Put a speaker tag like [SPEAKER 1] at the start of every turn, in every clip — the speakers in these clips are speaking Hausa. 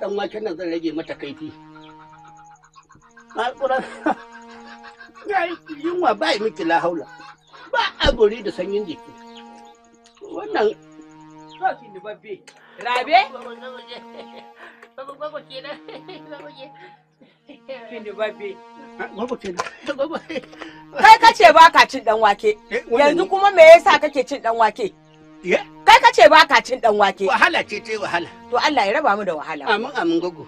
[SPEAKER 1] dan waken nan zan rage mata kaifi alƙura yunwa ba yi miki lahaula ba a gori da sanyin jiki wannan ki ne babbe rabe gwagwa kenan kai kace ba ka cin dan wake eh, yanzu kuma me yasa kake cin dan wake Eh? Kai ka ce ba ka cin dan wake. Wahala ce ta wahala. To Allah ya raba mu da wahala. Amin amin gogo.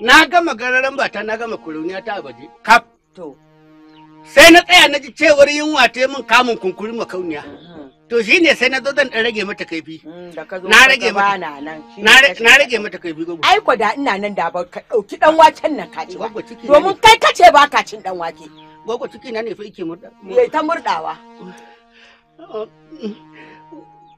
[SPEAKER 1] Na gama gararan bata na gama kuruniya ta abaje. Kaf. To. Sai na tsaya na ji cewar yunwa ta min kamun kunkuri makauniya. Mhm. To shi ne sai na zo zan rage mata kaifi. Mm, na rage mata. Na rage mata kaifi gogo. Ai ko da ina nan da ba ka dauki dan waken nan ka ci Domin kai ka ce ba ka cin dan wake. Gogo ciki na ne fa yake murda. Yayi ta murdawa.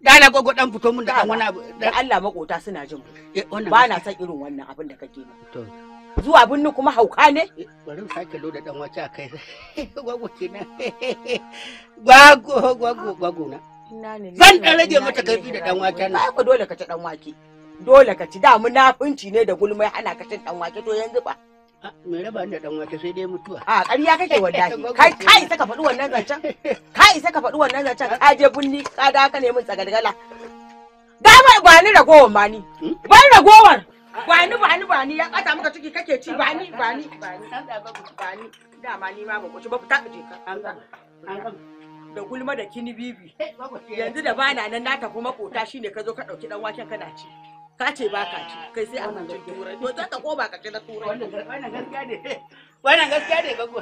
[SPEAKER 1] Dala gogo dan fito mun da wani abu. Dan Allah makota suna jin. Eh, ba na san irin wannan abin da kake ba. Zuwa binni kuma hauka ne? Eh, bari sake loda dan wace akai. Gogo kenan. Gogo gogo gogo na. Zan dan rage mata kaifi da dan wake na. Ai dole ka ci dan wake. Dole ka ci da munafunci ne da gulmai ana ka cin dan wake to yanzu ba. Me raba da dan wake sai dai mutuwa. A ƙarya kake wallahi. Kai kai ka faɗi wannan zancen. Kai ka faɗi wannan zancen. Ka je bunni ka da ka nemi tsagalgala. Damar ba ni ragowar ba ni. Hmm? Ban ragowar. Ba ni ba ni ba ni ya kata maka ciki kake ci ba ni ba ni ba ni. Ba ni. Dama ni ma ba ku ci ba ku taɓa je da gulma da kini bibi yanzu da bana nan na tafi makota shine ka zo ka ɗauki ɗan waken kana ci ka ce ba ka ci kai sai abincin turai to ta ko ba ka ci na turai wannan gaskiya ne wannan gaskiya ne gago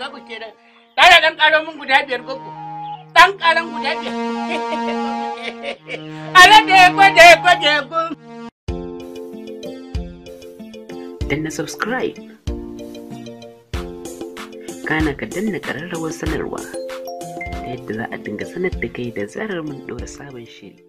[SPEAKER 1] gago kenan tare dan karo mun guda biyar gago dan karan guda biyar ala da ko da ko da ko danna subscribe kana ka danna kararrawar sanarwa ta yadda za a dinga sanar da kai da zarar mun ɗora sabon shiri